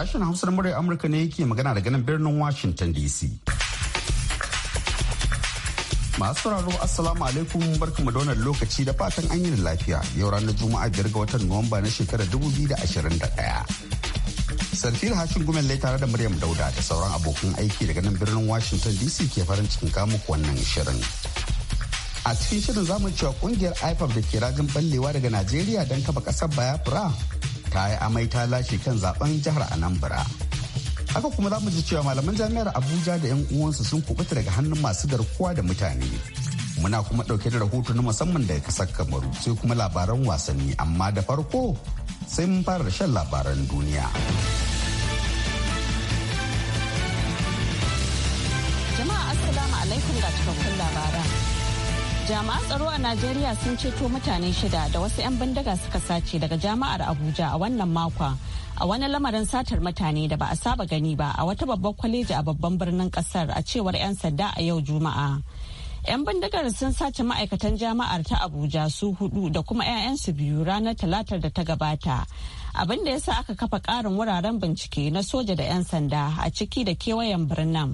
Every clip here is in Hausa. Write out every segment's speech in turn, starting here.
Sashen Hausa na muryar Amurka ne yake magana daga nan birnin Washington DC. Masu sauraro Assalamu alaikum barkamu da donar lokaci da fatan an yi lafiya yau ranar Juma'a biyar ga watan Nuwamba na shekarar 2021. Sarfil Hashin gumen lai tare da Maryam Dauda da sauran abokan aiki daga nan birnin Washington DC ke farin cikin kamuku wannan shirin. a cikin shirin zamu cewa kungiyar ipab da ke ragin ballewa daga najeriya don kafa kasar biafra ta yi amai ta lashe kan zaben jihar anambra haka kuma za mu ji cewa malaman jami'ar abuja da 'yan uwansu sun kubuta daga hannun masu garkuwa da mutane muna kuma ɗauke da rahoto na musamman daga kasar kamaru sai kuma labaran wasanni amma da farko sai mun fara da shan labaran duniya jama'a assalamu alaikum ga cikakkun labaran jami'an tsaro a najeriya sun ceto mutane shida da wasu 'yan bindiga suka sace daga jama'ar abuja a wannan makon a wani lamarin satar mutane da ba a saba gani ba a wata babbar kwaleji a babban birnin kasar a cewar 'yan sanda a yau juma'a 'yan bindigar sun sace ma'aikatan jama'ar ta abuja su hudu da kuma 'ya'yansu biyu ranar talatar da ta gabata abin da ya sa aka kafa ƙarin wuraren bincike na soja da 'yan sanda a ciki da kewayen birnin.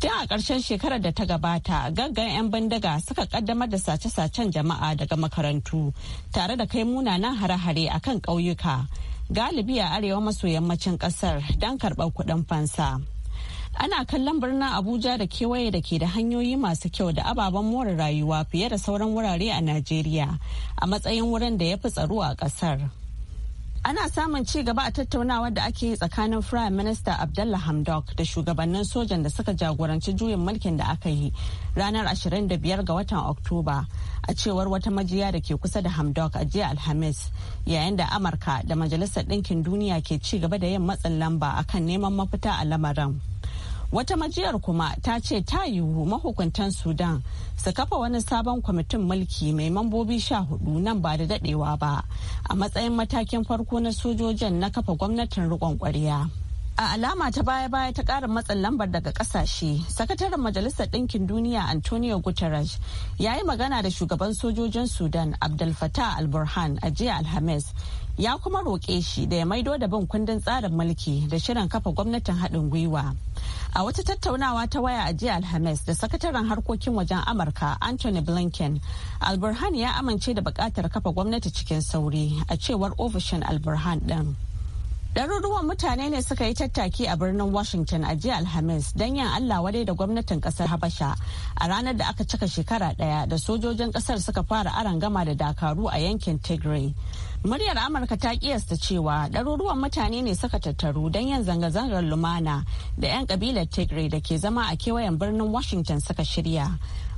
Tun a ƙarshen shekarar da ta gabata, gaggan 'yan bindiga suka kaddamar da sace-sacen jama'a daga makarantu tare da kai munanan hare-hare a kan ƙauyuka, galibi a arewa maso yammacin ƙasar don karɓar kuɗin fansa. Ana kallon birnin Abuja da kewaye da ke da hanyoyi masu kyau da ababen more rayuwa fiye da sauran wurare a Najeriya a matsayin wurin da ya fi tsaro a ƙasar. ana samun ci gaba a tattaunawar da ake yi tsakanin prime minister abdullah hamdok da shugabannin sojan da suka jagoranci juyin mulkin da aka yi ranar 25 ga watan oktoba a cewar wata majiya da ke kusa da hamdok a jiya alhamis yayin da amurka da majalisar ɗinkin duniya ke ci gaba da yin matsin lamba akan neman mafita a lamarin wata majiyar kuma ta ce ta yiwu mahukuntan sudan su kafa wani sabon kwamitin mulki mai mambobi sha hudu nan ba da dadewa ba a matsayin matakin farko na sojojin na kafa gwamnatin rikon kwarya a alama ta baya-baya ta karin matsin lambar daga kasashe sakataren majalisar ɗinkin duniya antonio guterres ya yi magana da shugaban sojojin sudan abdul fattah al-burhan a jiya alhamis ya kuma roƙe shi da ya maido da bin kundin tsarin mulki da shirin kafa gwamnatin haɗin gwiwa A wata tattaunawa ta waya a jiya Alhamis da sakataren harkokin wajen Amurka Anthony Blinken, Alburhan ya amince da bukatar kafa gwamnati cikin sauri a cewar ofishin Alburhan ɗin. Ɗaruruwan mutane ne suka yi tattaki a birnin Washington a jiya Alhamis don yin Allah wadai da gwamnatin ƙasar Habasha a ranar da aka cika shekara ɗaya da sojojin ƙasar suka fara gama da dakaru a yankin Tigray. Muryar Amurka ta kiyasta cewa ɗaruruwan mutane ne suka tattaru don yin zanga-zangar lumana da 'yan kabilar Tigray da ke zama a kewayen birnin Washington suka shirya.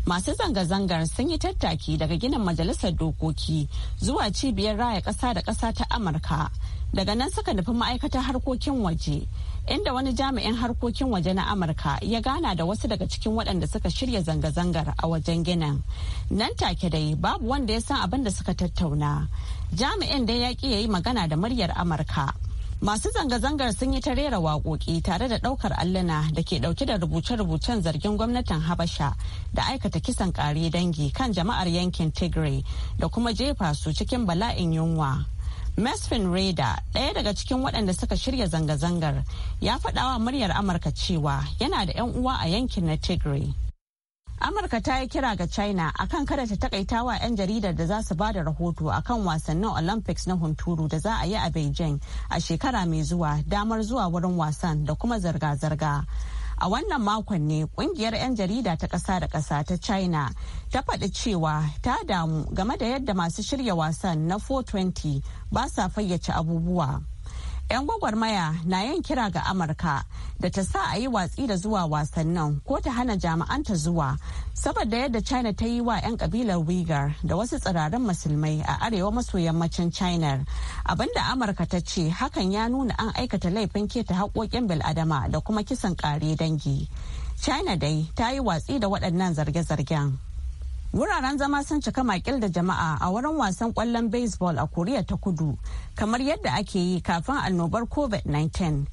masu zanga-zangar sun yi tattaki daga ginin majalisar dokoki zuwa cibiyar raya ƙasa da ƙasa ta amurka daga nan suka nufi ma'aikatar harkokin waje inda wani jami'in harkokin waje na amurka ya gana da wasu daga cikin waɗanda suka shirya zanga-zangar a wajen ginin nan take dai babu wanda ya san abin da suka tattauna jami'in dai ya ki ya yi magana da muryar amurka Masu zanga-zangar sun yi ta rera waƙoƙi tare da ɗaukar alluna da ke ɗauke da rubuce-rubucen zargin gwamnatin Habasha da aikata kisan ƙare dangi kan jama'ar yankin Tigray da kuma jefa su cikin bala'in yunwa. Mesfin Reda, ɗaya daga cikin waɗanda suka shirya zanga-zangar, ya faɗawa muryar Amurka cewa yana da 'yan uwa a yankin na Tigray. Amurka ta yi kira ga China akan kada ta takaita wa 'yan jaridar da za su ba da rahoto akan wasannin Olympics na hunturu da za a yi a Beijing a shekara mai zuwa damar zuwa wurin wasan da kuma zirga-zirga. A wannan makon ne kungiyar 'yan jarida ta ƙasa da ƙasa ta China ta faɗi cewa ta damu game da yadda masu shirya wasan na 420 ba sa fayyace abubuwa. 'yan gwagwarmaya na yin kira ga amurka da ta sa a yi watsi da zuwa wasannin ko ta hana jami'anta zuwa saboda yadda china ta yi wa 'yan kabilar uighur da wasu tsirarin musulmai a arewa maso yammacin china abinda amurka ta ce hakan ya nuna an aikata laifin keta haƙoƙin bil'adama da kuma kisan ƙare dangi china dai ta yi watsi da waɗannan zarge-zargen Wuraren zama sun cika makil da jama'a a wurin wasan kwallon baseball a Koriya ta kudu, kamar yadda ake yi kafin annobar COVID-19.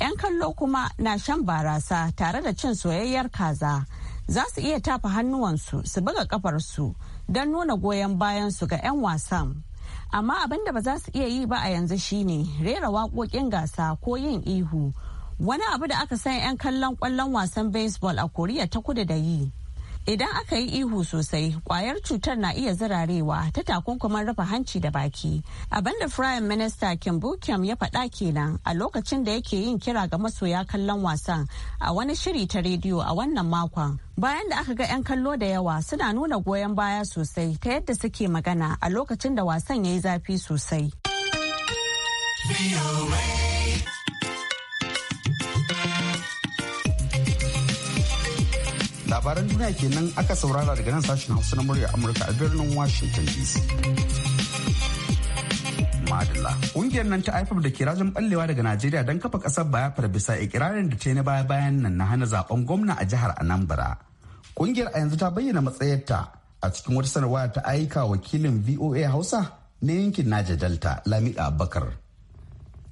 'Yan kallo kuma na shan barasa tare da cin soyayyar kaza. Za su iya tafa hannuwansu su buga kafarsu don nuna goyon bayansu ga 'yan wasan. Amma abin da ba za su iya yi ba a yanzu shine rera waƙoƙin gasa ko yin ihu. Wani abu da aka san 'yan kallon kwallon wasan baseball a Koriya ta kudu da yi. Idan aka yi ihu sosai, kwayar cutar na iya zirarewa ta takunkuman rufe hanci da baki. Abinda Prime Minister Kim Bukem ya faɗa kenan a lokacin da yake yin kira ga masoya kallon wasan a wani shiri ta rediyo a wannan makon. Bayan da aka ga 'yan kallo da yawa suna nuna goyon baya sosai ta yadda suke magana a lokacin da wasan ya yi zafi sosai. labaran duniya kenan aka saurara daga nan sashen hausa na murya amurka a birnin washington dc madalla ƙungiyar nan ta haifar da kirajin ballewa daga najeriya don kafa ƙasar bayafar bisa ikirarin da ta yi na baya bayan nan na hana zaben gwamna a jihar anambra ƙungiyar a yanzu ta bayyana matsayarta a cikin wata sanarwa ta aika wakilin voa hausa na yankin naja delta lamida abubakar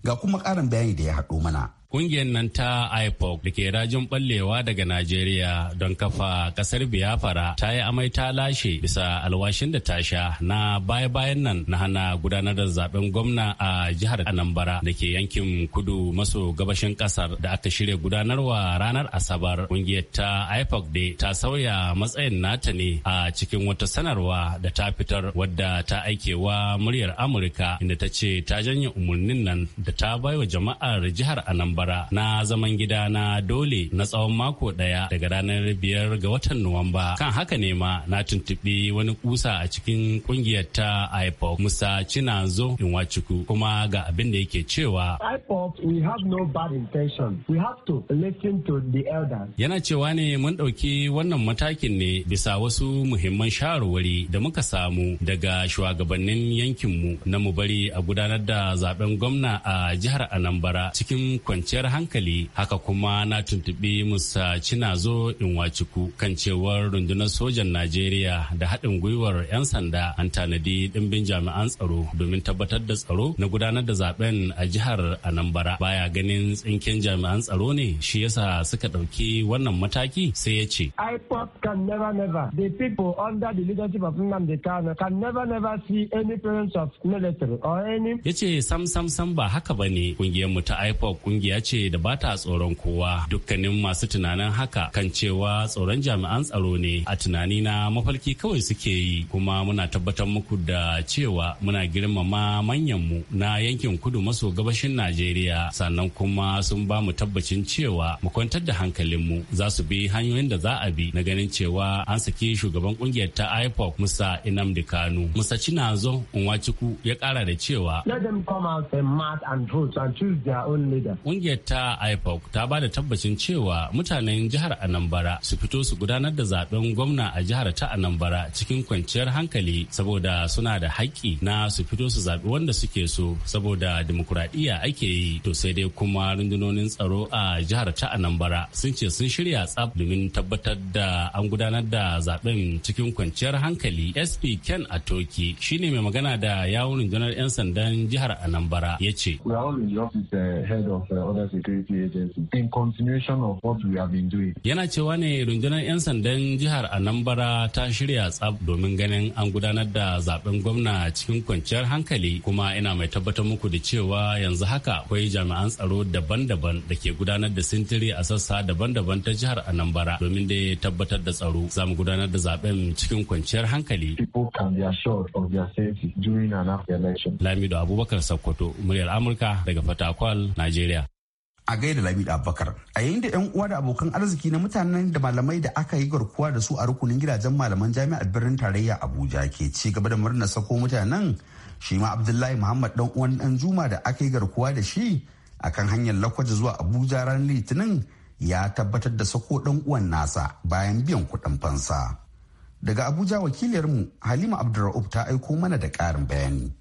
ga kuma ƙarin bayani da ya haɗo mana Ƙungiyar nan ta IPOC da ke rajin ɓallewa daga Najeriya don kafa ƙasar Biafra ta yi amai ta lashe bisa alwashin da ta sha na baya-bayan nan na hana gudanar da zaben gwamna a jihar Anambra da ke yankin kudu maso gabashin ƙasar da aka shirya gudanarwa ranar Asabar. Ƙungiyar ta IPOC dai ta sauya matsayin nata ne a cikin wata sanarwa da ta fitar wadda ta aike wa muryar Amurka inda ta ce ta janye umarnin nan da ta baiwa jama'ar jihar Anambra. Zamfara na zaman gida na dole na tsawon mako daya daga ranar biyar ga watan Nuwamba. Kan haka ne ma na tuntuɓi wani kusa a cikin kungiyar ta IPOP Musa Chinanzo Inwachuku kuma ga abin da yake cewa. IPOP we have no bad intention. We have to listen to the elders. Yana cewa ne mun ɗauki wannan matakin ne bisa wasu muhimman shawarwari da muka samu daga shugabannin yankinmu na mu bari a gudanar da zaben gwamna a jihar Anambra cikin kwanci kwanciyar hankali haka kuma na tuntuɓi musa cinazo waciku kan cewar rundunar sojan najeriya da haɗin gwiwar 'yan sanda an tanadi ɗimbin jami'an tsaro domin tabbatar da tsaro na gudanar da zaben a jihar anambra baya ganin tsinken jami'an tsaro ne shi yasa suka ɗauki wannan mataki sai ya ce ya ce the people under sam sam sam ba haka ba ne ta IPOC kungiya ce da ba ta tsoron kowa dukkanin masu tunanin haka kan cewa tsoron jami'an tsaro ne a tunani na mafalki kawai suke yi kuma muna tabbatar muku da cewa muna girmama manyanmu na yankin kudu maso gabashin najeriya sannan kuma sun ba mu tabbacin cewa mu kwantar da hankalinmu za su bi hanyoyin da za a bi na ganin cewa an saki shugaban kungiyar ta ipop musa inamdi kanu musa cinazo unwachuku ya kara da cewa let them come out and march and vote and choose their own leader Ƙungiyar ta IPOC ta ba da tabbacin cewa mutanen jihar Anambra su fito su gudanar da zaben gwamna a jihar ta Anambra cikin kwanciyar hankali saboda suna da haƙƙi na su fito su zaɓi wanda suke so saboda dimokuraɗiyya ake yi to sai dai kuma rundunonin tsaro a jihar ta Anambra sun ce sun shirya tsaf domin tabbatar da an gudanar da zaben cikin kwanciyar hankali SP Ken Atoki shine mai magana da yawun rundunar 'yan sandan jihar Anambra ya ce. other security agency in continuation of what we have been doing. Yana cewa ne rundunar 'yan sandan jihar anambara ta shirya tsab domin ganin an gudanar da zaben gwamna cikin kwanciyar hankali kuma ina mai tabbatar muku da cewa yanzu haka akwai jami'an tsaro daban-daban da ke gudanar da sintiri a sassa daban-daban ta jihar anambara. domin da tabbatar da tsaro za mu gudanar da zaben cikin kwanciyar hankali. People can be Lamido Abubakar Sokoto, muryar Amurka daga Fatakwal, Najeriya. a da Lami Abubakar. A yayin da 'yan uwa da abokan arziki na mutanen da malamai da aka yi garkuwa da su a rukunin gidajen malaman jami'ar birnin tarayya Abuja ke ci gaba da murna sako mutanen shi ma Abdullahi Muhammad dan uwan dan Juma da aka yi garkuwa da shi akan hanyar Lakwaja zuwa Abuja ranar Litinin ya tabbatar da sako dan uwan nasa bayan biyan kuɗin fansa. Daga Abuja wakiliyarmu Halima Abdulra'uf ta aiko mana da ƙarin bayani.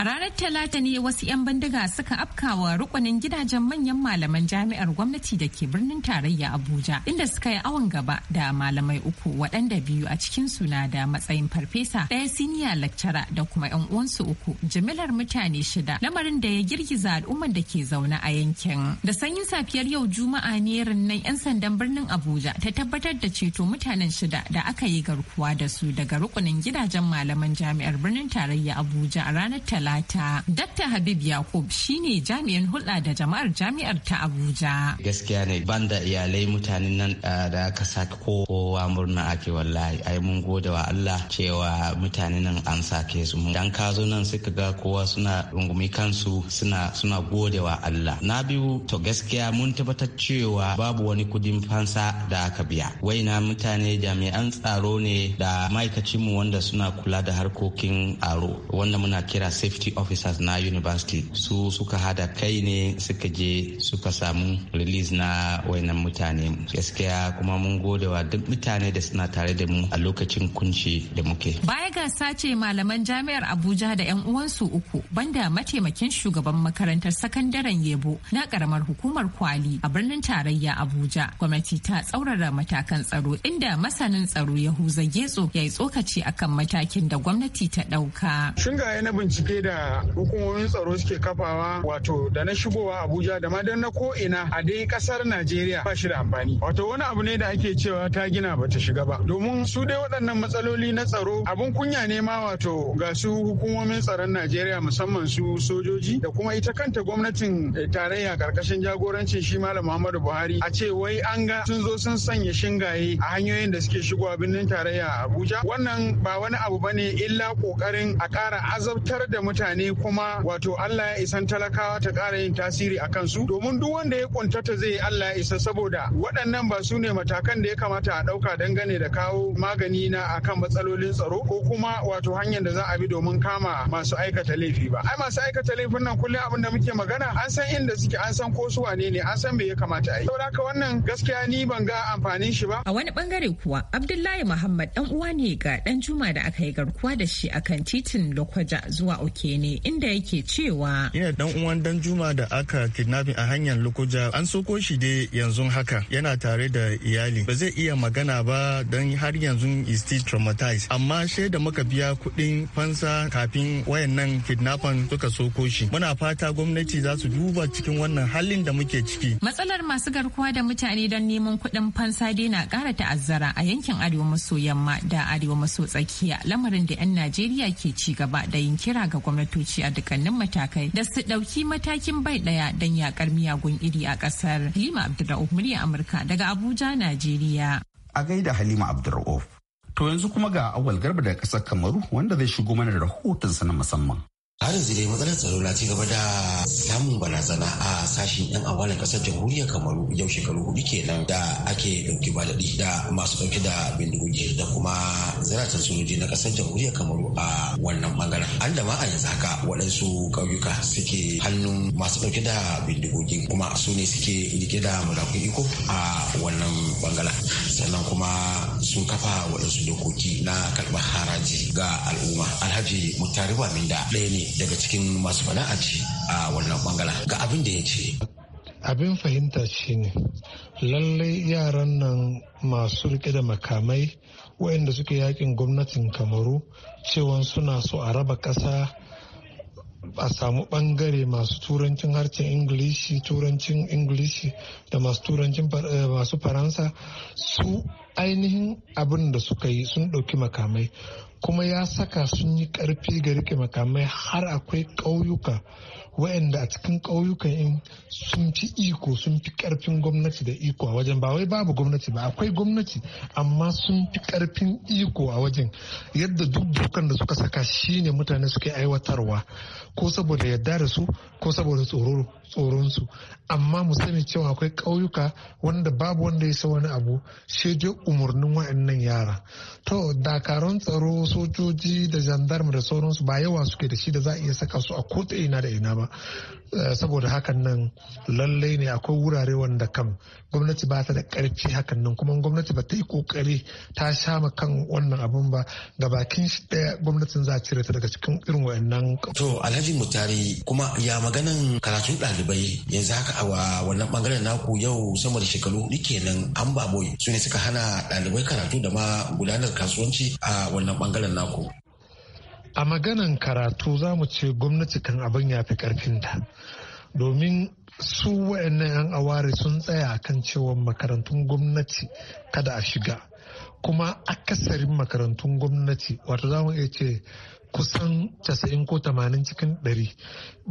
A ranar Talata ne wasu 'yan bindiga suka afkawa rukunin gidajen manyan malaman jami'ar gwamnati da ke birnin tarayya Abuja inda suka yi awon gaba da malamai uku waɗanda biyu a cikin suna da matsayin farfesa ɗaya siniya lakcara da kuma 'yan uwansu uku jimilar mutane shida lamarin da ya girgiza al'ummar da ke zaune a yankin. Da sanyin safiyar yau Juma'a ne rinnan 'yan sandan birnin Abuja ta tabbatar da ceto mutanen shida da aka yi garkuwa da su daga rukunin gidajen malaman jami'ar birnin tarayya Abuja a ranar Talata. Talata. Dakta Habib Yakub shine jami'in hulɗa da jama'ar jami'ar ta Abuja. Gaskiya ne banda iyalai mutanen nan da aka sake kowa murna ake wallahi ai mun gode wa Allah cewa mutanen nan an sake su Dan ka kazo nan suka ga kowa suna rungumi kansu suna suna gode wa Allah. Na biyu to gaskiya mun tabbatar cewa babu wani kudin fansa da aka biya. Waina mutane jami'an tsaro ne da ma'aikacinmu wanda suna kula da harkokin aro wanda muna kira safe safety officers na university su suka hada kai ne suka je suka samu release na wayannan mutane gaskiya kuma mun godewa duk mutane da suna tare da mu a lokacin kunshi da muke baya ga sace malaman jami'ar abuja da yan uwansu uku banda mataimakin shugaban makarantar sakandaren yebo na karamar hukumar kwali a birnin tarayya abuja gwamnati ta tsaurara matakan tsaro inda masanin tsaro yahuza getso ya yi tsokaci akan matakin da gwamnati ta dauka shingaye na bincike da hukumomin tsaro suke kafawa wato da na shigowa abuja da ma dan na ko ina a dai kasar najeriya ba shi da amfani wato wani abu ne da ake cewa ta gina ba ta shiga ba domin su dai waɗannan matsaloli na tsaro abun kunya ne ma wato ga su hukumomin tsaron najeriya musamman su sojoji da kuma ita kanta gwamnatin eh, tarayya karkashin jagorancin shi malam muhammadu buhari a ce wai an ga sun zo sun sanya shingaye a hanyoyin da suke shigowa birnin tarayya abuja wannan ba wani abu bane illa kokarin a ƙara azabtar da mutane kuma wato Allah ya isan talakawa ta ƙara yin tasiri a kansu domin duk wanda ya kuntata zai Allah ya isa saboda waɗannan ba su ne matakan da ya kamata a ɗauka dangane da kawo magani na akan matsalolin tsaro ko kuma wato hanyar da za a bi domin kama masu aikata laifi ba ai masu aikata laifin nan kullum abin da muke magana an san inda suke an san ko su wane ne an san me ya kamata a yi saboda haka wannan gaskiya ni ban ga amfanin shi ba a wani bangare kuwa Abdullahi Muhammad dan uwa ne ga dan Juma da aka yi garkuwa da shi akan titin Lokoja zuwa ne inda yake cewa ina dan uwan dan Juma da aka kidnapping a hanyar Lokoja an soko shi da yanzu haka yana tare da iyali ba zai iya magana ba don har yanzu is still traumatized amma da muka biya kudin fansa kafin wayannan kidnafan suka soko shi muna fata gwamnati za su duba cikin wannan halin da muke ciki matsalar masu garkuwa da mutane don neman kudin fansa dai na ta'azzara a yankin arewa maso yamma da arewa maso tsakiya lamarin da 'yan Najeriya ke ci gaba da yin kira ga gwamnatoci a dukkanin matakai da su ɗauki matakin bai ɗaya don yakar miyagun iri a ƙasar. Halima Abdulra'uf murya Amurka daga Abuja, Najeriya. A gaida Halima Abdulra'uf. To yanzu kuma ga awal garba daga ƙasar Kamaru wanda zai shigo mana da rahotonsa na musamman. har yanzu dai matsalar tsaro na ci gaba da samun barazana a sashen yan awalin kasar jamhuriyar kamaru yau shekaru hudu kenan da ake dauki ba daɗi da masu dauke da bindigogi da kuma zaratan sojoji na kasar jamhuriyar kamaru a wannan bangaren an da ma a yanzu haka waɗansu ƙauyuka suke hannun masu dauke da bindigogi kuma su ne suke rike da murakun iko a wannan bangaren sannan kuma sun kafa waɗansu dokoki na karɓar haraji ga al'umma alhaji min da ɗaya ne daga cikin masu fana'a a wannan bangaren ga abin da ya ce abin fahimta shi ne, lallai yaran nan masu rike da makamai waɗanda suke yakin gwamnatin kamaru cewa suna so a raba ƙasa a samu ɓangare masu turancin harshen ingilishi turancin ingilishi da masu turancin eh, masu faransa su ainihin abin da suka yi sun ɗauki makamai kuma ya saka sun yi karfi ga rike makamai har akwai ƙauyuka waɗanda a cikin ƙauyukan in sun fi iko sun fi ƙarfin gwamnati da iko a wajen ba wai babu gwamnati ba akwai gwamnati amma sun fi ƙarfin iko a wajen yadda duk dukan da suka saka shi ne mutane suke aiwatarwa ko saboda yadda da su ko saboda tsoron amma mu sani cewa akwai ƙauyuka wanda babu wanda ya sa wani abu sai dai umarnin waɗannan yara to dakarun tsaro sojoji da jandarma da sauransu ba yawa suke da shi da za a iya saka su a ko ta ina da ina ba Eh, saboda hakan nan lallai ne akwai wurare wanda kam gwamnati ba ta da karfi hakan nan kuma gwamnati ba ta yi kokari ta shama kan wannan abun ba ga bakin shi daya gwamnatin za a cire ta daga cikin irin wayannan to alhaji mutari kuma ya maganan karatun ɗalibai yanzu haka a wannan bangaren naku yau sama da shekaru hudu kenan an baboyi su ne suka hana ɗalibai karatu da ma gudanar kasuwanci a wannan bangaren naku a maganan karatu za mu ce gwamnati kan abin ya fi karfinta domin su wa'annan 'yan aware sun tsaya kan cewa makarantun gwamnati kada a shiga kuma akasarin makarantun gwamnati wato za mu iya ce kusan 90 ko 80 cikin 100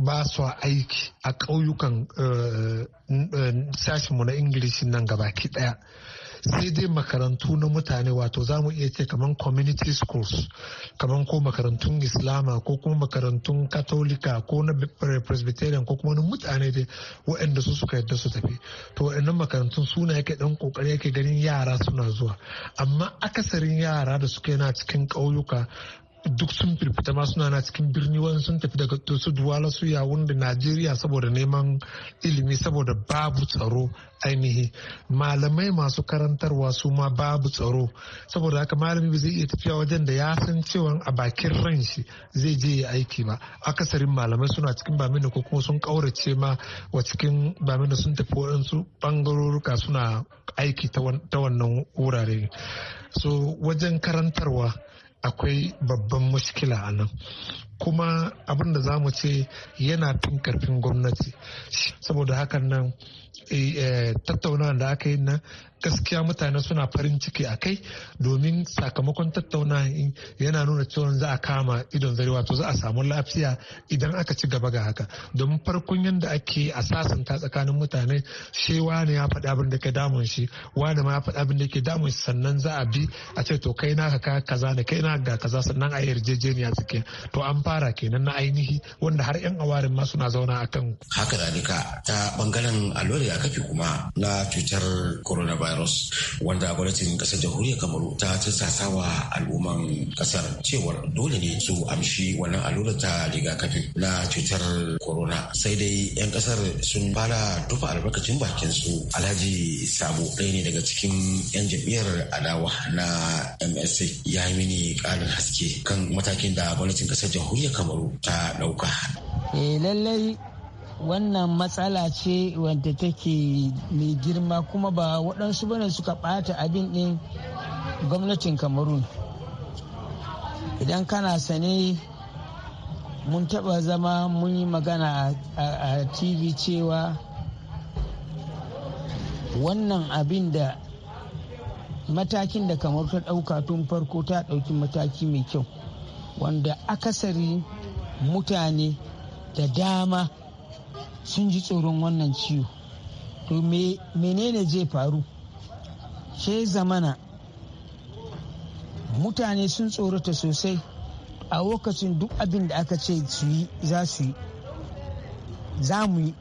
ba su aiki a ƙauyukan eh, eh, sashenmu na ingilishi nan gabaki daya sai dai makarantu na mutane wato za mu iya ce kamar community schools kamar ko makarantun islama ko kuma makarantun katolika ko na presbyterian ko kuma na mutane dai waɗanda su suka yadda su tafi to waɗannan makarantun suna yake ɗan ƙoƙari yake ganin yara suna zuwa amma akasarin yara da suke yana cikin ƙauyuka duk sun firfita ma suna na cikin birni wani sun tafi daga su duwala su ya da najeriya saboda neman ilimi saboda babu tsaro ainihi malamai masu karantarwa su ma babu tsaro saboda haka malami ba zai iya tafiya wajen da ya san cewa a bakin ran shi zai je ya aiki ba akasarin malamai suna cikin bamina ko kuma sun kaurace ma wa cikin bamina sun tafi waɗansu bangaroruka suna aiki ta wannan wurare so wajen karantarwa akwai babban muskila a nan kuma abin da za mu ce yana tun karfin gwamnati saboda hakan nan Eh, eh, tattaunawa da aka yi na gaskiya mutane suna farin ciki a kai domin sakamakon tattaunawa yana nuna cewa za a kama idon zari wato za a samu lafiya idan aka ci gaba ga haka domin farkon yadda ake a sasanta tsakanin mutane shi wani ya faɗi abin da ke damun shi wani ma ya faɗi abin da ke damun shi sannan za a bi a ce to kai na ka kaza ne kai na ga kaza sannan a yarjejeniya suke to an fara kenan na ainihi wanda har yan awarin ma suna zauna akan haka zalika ta bangaren aloriya rigakafi kuma na cutar coronavirus wanda gwamnatin kasar jamhuriyar kamaru ta tsasa wa al'umman kasar cewar dole ne su amshi wannan allura ta rigakafi na cutar corona sai dai 'yan kasar sun fara tufa albarkacin bakin su alhaji sabo ɗaya ne daga cikin 'yan jam'iyyar adawa na MSA, ya yi mini ƙarin haske kan matakin da gwamnatin kasar jamhuriyar kamaru ta ɗauka. Eh, lallai wannan matsala ce wanda take mai girma kuma ba waɗansu ba ne suka ɓata abin ɗin gwamnatin cameroon idan kana sane mun taɓa zama mun yi magana a tv cewa wannan abin da matakin da kamar ta ɗauka tun farko ta ɗauki mataki mai kyau wanda akasari mutane da dama sun ji tsoron wannan ciwo to menene zai faru she zamana mutane sun tsorata sosai a lokacin duk abin da aka ce su yi za su yi za mu yi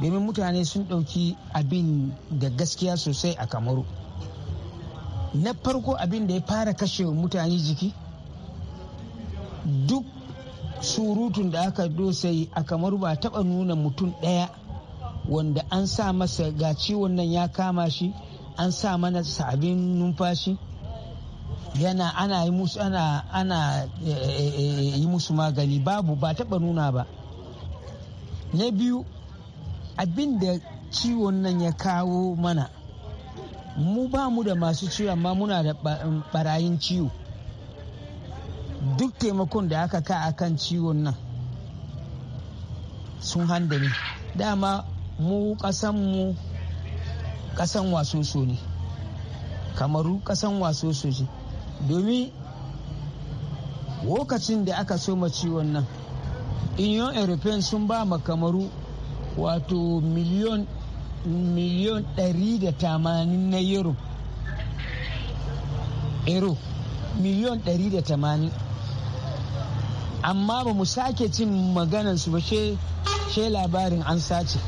domin mutane sun ɗauki abin da gaskiya sosai a kamaru na farko abin da ya fara kashe mutane jiki duk surutun da aka dosai a kamar ba taɓa nuna mutum ɗaya wanda an sa masa ga ciwon nan ya kama shi an sa mana sabin numfashi yana ana yi musu ana ana eh, eh, eh, yi musu magani babu ba taɓa nuna ba na biyu abin da ciwon nan ya kawo mana mu ba mu da masu ciwo amma muna da um, barayin ciwo duk taimakon da aka ka akan ciwon nan sun handa ne dama mu kasanmu kasan wasoso ne kamaru kasan wasoso ce domin lokacin da aka soma ciwon nan union european sun ba ma kamaru wato miliyon miliyon 180 na euro euro miliyon tamanin. amma ba mu sake cin maganar su ba she labarin an sace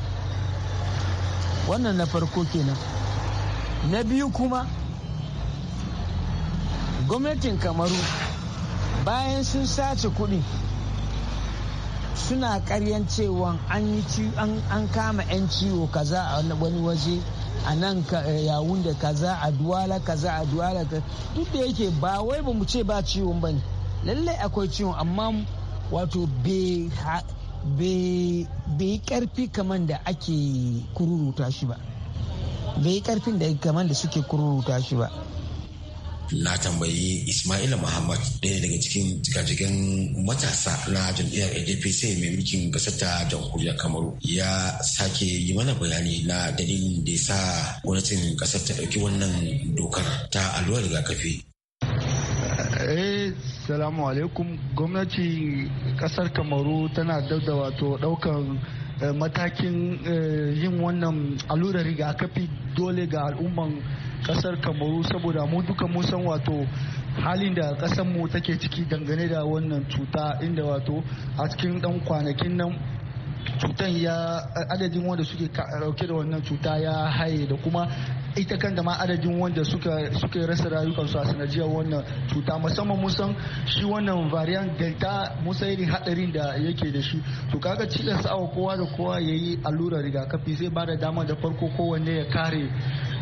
wannan na farko kenan na biyu kuma gwamnatin kamaru bayan sun sace kuɗi suna karyan cewa an kama 'yan ciwo kaza a wani waje a nan eh, yawun da kaza a duwala kaza a duwala duk da yake ba wai ba mu ce ba ciwon ba ne lallai akwai ciwon amma wato bai yi karfi kamar da ake kururuta shi ba bai yi karfin da kamar da suke kururuta shi ba na tambayi ismaila muhammad ɗaya daga cikin jikajikin matasa na jam'iyyar adpc mai mulkin gasar ta jamhuriyar kamaru ya sake yi mana bayani na dalilin da ya sa gwamnatin kasar ta ɗauki wannan dokar ta allurar rigakafi assalamu alaikum gwamnati kasar kamaru tana dauda wato daukan eh, matakin eh, yin wannan allurar rigakafi dole ga al'umman kasar kamaru saboda mu duka mun san wato halin da kasar mu take ciki dangane da wannan cuta inda wato a cikin dan kwanakin nan cutan ya adadin wanda suke dauke da wannan cuta ya haye da kuma ita kan da ma adadin wanda suka rasa rayukansu a sanadiyar wannan cuta musamman musan shi wannan variant delta musa irin hadarin da yake da shi to kaga cilin awa kowa da kowa ya yayi allurar rigakafi zai ba da dama da farko kowanne ya kare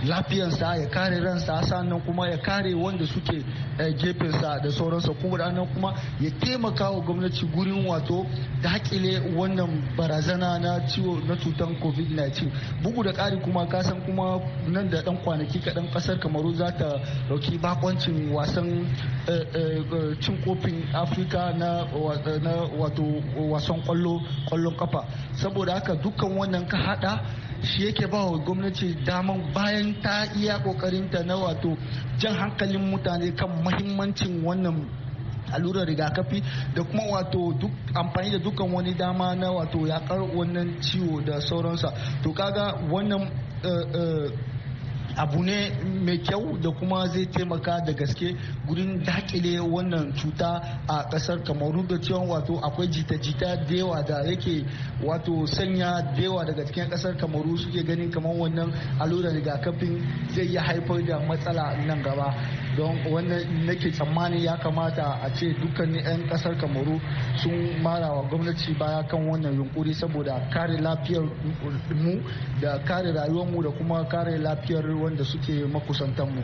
lafiyarsa ya kare ransa sannan kuma ya kare wanda suke eh, gefensa da sauransa kuma nan kuma ya taimaka wa gwamnati gurin wato dakile wannan barazana na ciwo na cutar covid-19 bugu da kari kuma kasan kuma nan da dan kwanaki kaɗan ƙasar kamaru za ta ɗauki bakoncin wasan eh, eh, eh, cin kofin afirka na wato wasan kwallon kafa saboda haka dukkan wannan ka haɗa shi yake ba wa gwamnati daman bayan ta iya ƙoƙarinta na wato jan hankalin mutane kan mahimmancin wannan allurar rigakafi da kuma wato duk amfani da dukkan wani dama na wato yakar wannan ciwo da sauransa to kaga wannan abu ne mai kyau da kuma zai taimaka da gaske gurin dakile wannan cuta a kasar kamaru da cewa wato akwai jita-jita da yawa da yake wato sanya da yawa daga cikin kasar kamaru suke ganin kamar wannan allurar rigakafin zai iya haifar da matsala nan gaba don wanda nake tsammani ya kamata a ce dukkanin 'yan kasar kamaru sun marawa gwamnati baya kan wannan yunkuri saboda kare lafiyar mu da kare rayuwarmu da kuma kare lafiyar wanda suke makusantanmu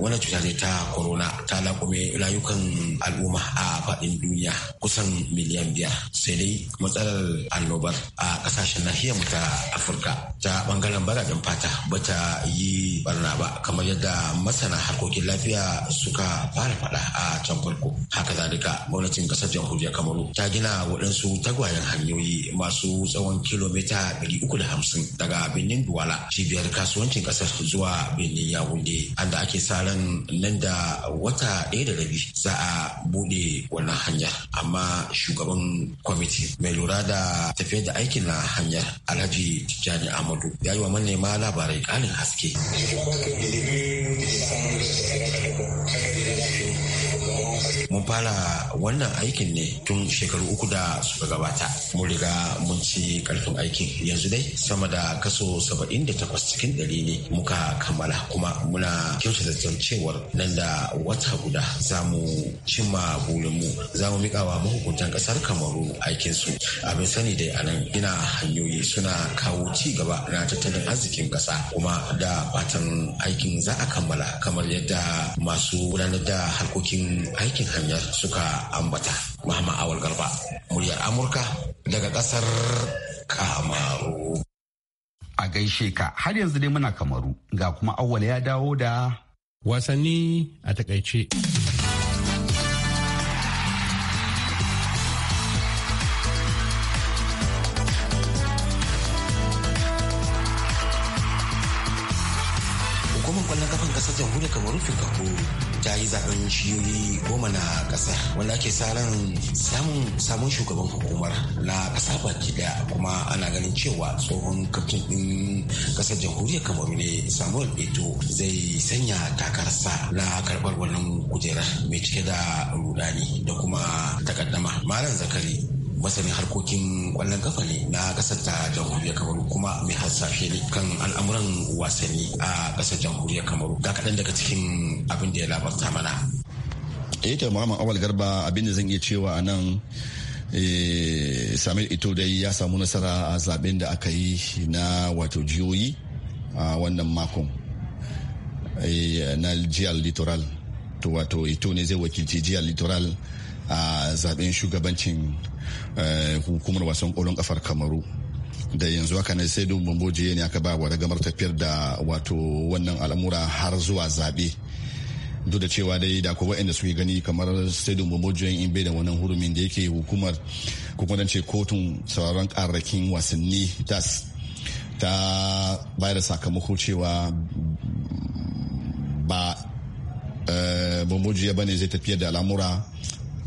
wani cuta ne ta corona ta lakume rayukan al'umma a faɗin duniya kusan miliyan biyar sai dai matsalar annobar a ƙasashen nahiyar mu ta afirka ta bara baraɗin fata ba ta yi barna ba kamar yadda masana harkokin lafiya suka fara faɗa a can farko haka zalika gwamnatin kasar jamhuriyar kamaru ta gina waɗansu tagwayen hanyoyi masu tsawon kilomita 350 daga birnin duwala cibiyar kasuwancin kasar zuwa birnin yawunde anda ake sa ran nan da wata ɗaya da rabi za a buɗe wannan hanyar amma shugaban kwamiti mai lura da tafiyar da aikin na hanyar alhaji tijjani amadu ya yi wa manema labarai ƙarin haske. mun fara wannan aikin ne tun shekaru uku da suka gabata mun riga mun ci karfin aikin yanzu dai sama da kaso 78 cikin ɗari ne muka kammala kuma muna kyautata da cewar nan da wata guda za mu cimma burinmu za mu miƙa wa mahukuntan ƙasar kamaru aikinsu abin sani dai anan gina hanyoyi suna kawo ci gaba na tattalin arzikin ƙasa kuma da fatan aikin za a kammala kamar yadda masu gudanar da harkokin aikin hanyar suka ambata mahama Awal Garba muryar Amurka daga kasar Kamaru. A gaishe ka har yanzu dai muna Kamaru ga kuma Awal ya dawo da wasanni a takaice. fikakku ta yi zaben shiyoyi goma na kasa wanda ake sa ran samun samun shugaban hukumar na kasa baki daya kuma ana ganin cewa tsohon kaftin din kasar jamhuriyar kamaru ne samuel eto zai sanya takarsa na karbar wannan kujerar mai cike da rudani da kuma takaddama malam zakari masanin harkokin kwallon kafa ne na kasar ta jamhuriyar kamaru kuma mai hasashe ne kan al'amuran wasanni a kasar jamhuriyar kamaru ga kaɗan daga cikin abin da ya labarta mana eh ta muhammad awal garba abin da zan iya cewa a nan eh, samir ito dai ya samu nasara a zaben da aka yi na wato jiyoyi a wannan makon eh, na jiyar littoral to wato ito ne zai wakilci jiyar litoral a zaben shugabancin eh, hukumar wasan kolon kafar kamaru da yanzu haka ne sai dubban bojiye ne aka ba wa ragamar tafiyar da wato wannan al'amura har zuwa zabe duk da cewa dai da kuma waɗanda suke gani kamar sai dubban bojiyen in bai da wannan hurumin da yake hukumar kuma ce kotun sauraron karrakin wasanni tas ta bayar da sakamako cewa ba bambujiya eh, bane zai tafiyar da al'amura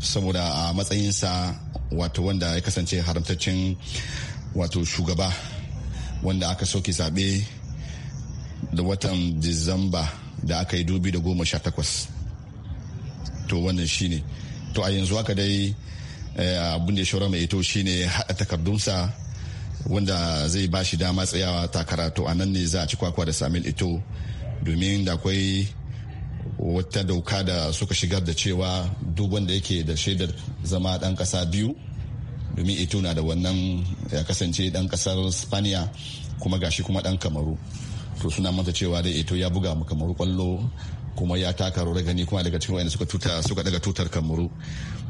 saboda a matsayinsa wato wanda ya kasance haramtaccen wato shugaba wanda aka soke zaɓe da watan disamba da aka yi dubi da goma sha takwas to wannan shine to a yanzu haka dai eh, abin da ya shawara mai ito shine haɗa takardunsa wanda zai ba shi dama tsayawa takara to a nan ne za a ci kwakwa da samun ito domin da akwai wata dauka da suka shigar da cewa duk wanda yake da shaidar zama dan kasa biyu domin ito na da wannan ya kasance dan kasar spaniya kuma gashi kuma dan kamaru to suna mata cewa dai ito ya buga mu kamaru kwallo kuma ya taka rawar gani kuma daga cikin wayanda suka tuta suka daga tutar kamuru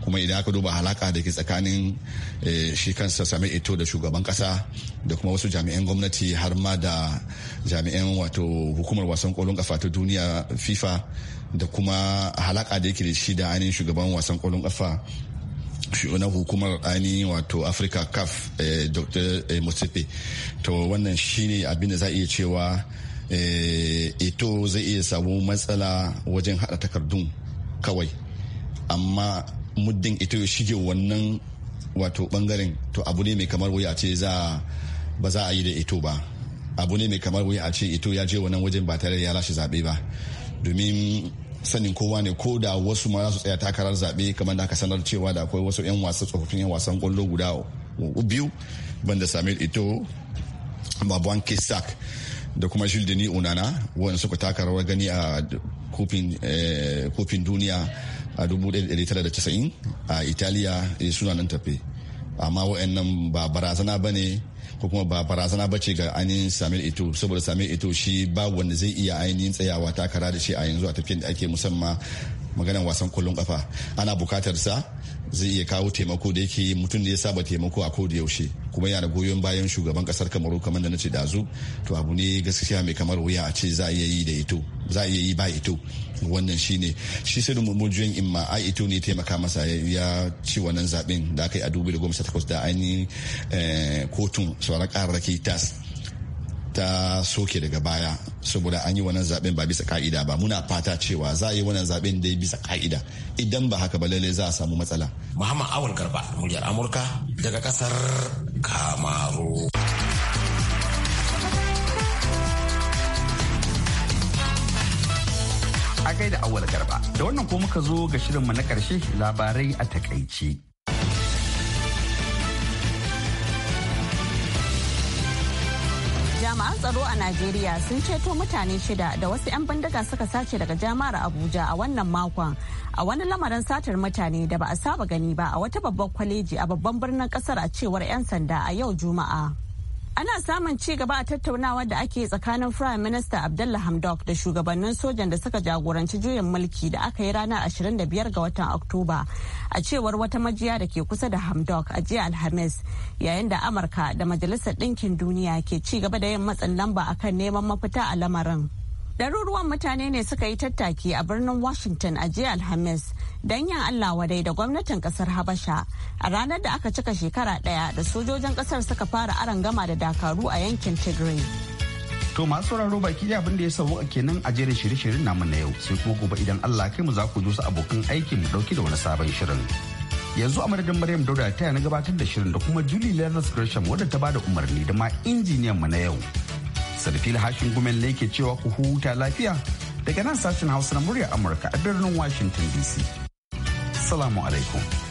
kuma idan aka duba halaka da ke tsakanin eh, shi kansa sami ito da shugaban kasa da kuma wasu jami'an gwamnati har ma da jami'an wato hukumar wasan kolon kafa ta duniya fifa da kuma halaka da yake da shi da ainihin shugaban wasan kolon kafa na hukumar ainihin wato africa caf eh, dr eh, mutsipe to wannan shine abin da za iya cewa eto eh, zai iya samu matsala wajen hada takardun kawai amma muddin ito ya shige wannan wato bangaren to abu ne mai kamar wuya ce ba za a yi da ito ba abu ne mai kamar wuya ce ito ya je wannan wajen ba tare ya lashe zaɓe ba domin sanin kowa ne ko da wasu ma za su tsaya takarar zaɓe kamar da aka sanar cewa da akwai wasu 'yan wasa tsofaffin 'yan wasan kwallo guda biyu banda samir ito babban kisak da kuma Jules Unana wanda suka taka rawar gani a kofin eh, duniya a 1990 a Italiya eh, suna nan tafe. Amma wa'annan ba barazana ba ne ko kuma ba barazana ba ce ga ainihin Samir Ito saboda Samir Ito shi ba wanda zai iya ainihin tsayawa takara da shi a yanzu a tafiyan da ake musamman maganan wasan kwallon kafa ana bukatar sa zai iya kawo taimako da yake mutum da ya saba taimako a koda yaushe kuma yana goyon bayan shugaban kasar kamaru kamar da na ce dazu to abu ne gaskiya mai kamar wuya a ce za a iya yi ba ito wannan shi ne shi sai mummujiyan imma a ito ne taimaka masa ya ci wannan zaben da aka yi a 2018 da goma takwas da ainihin eh, kotun sauran tas ta soke daga baya saboda an yi wannan zaben ba bisa ka'ida ba muna fata cewa za a yi wannan zaben dai bisa ka'ida idan ba haka ba lalle za a samu matsala muhammad awal garba muryar amurka daga kasar kamaru a gaida awal garba da wannan ko muka zo ga shirinmu na karshe labarai a takaice. tsaro a Najeriya sun ceto mutane shida da wasu 'yan bindiga suka sace daga jama'ar Abuja a wannan makon a wani lamarin satar mutane da ba a saba gani ba a wata babbar kwaleji a babban birnin kasar a cewar 'yan sanda a yau Juma'a. ana samun ci gaba a tattaunawa da ake tsakanin prime minister abdullah hamdok da shugabannin sojan da suka jagoranci juyin mulki da aka yi ranar 25 ga watan oktoba a cewar wata majiya da ke kusa da hamdok a jiya alhamis yayin da amurka da majalisar ɗinkin duniya ke ci gaba da yin matsin lamba akan neman mafita a lamarin daruruwan mutane ne suka yi tattaki a birnin Washington a jiya Alhamis don yin Allah wadai da gwamnatin kasar Habasha a ranar da aka cika shekara ɗaya da sojojin kasar suka fara gama da dakaru a yankin Tigray. To masu sauraro baki da abin da ya sauwa kenan a jerin shirye-shiryen namu na yau sai kuma gobe idan Allah kai mu za ku dusa abokan aikin mu dauki da wani sabon shirin. Yanzu a madadin Maryam Dauda ta na gabatar da shirin da kuma Julie Lennox Gresham wadda ta bada umarni da ma injiniyan mu na yau. fili hashin gumen leke cewa ku huta lafiya daga nan sashen hausa na murya amurka a birnin washington dc salamu alaikum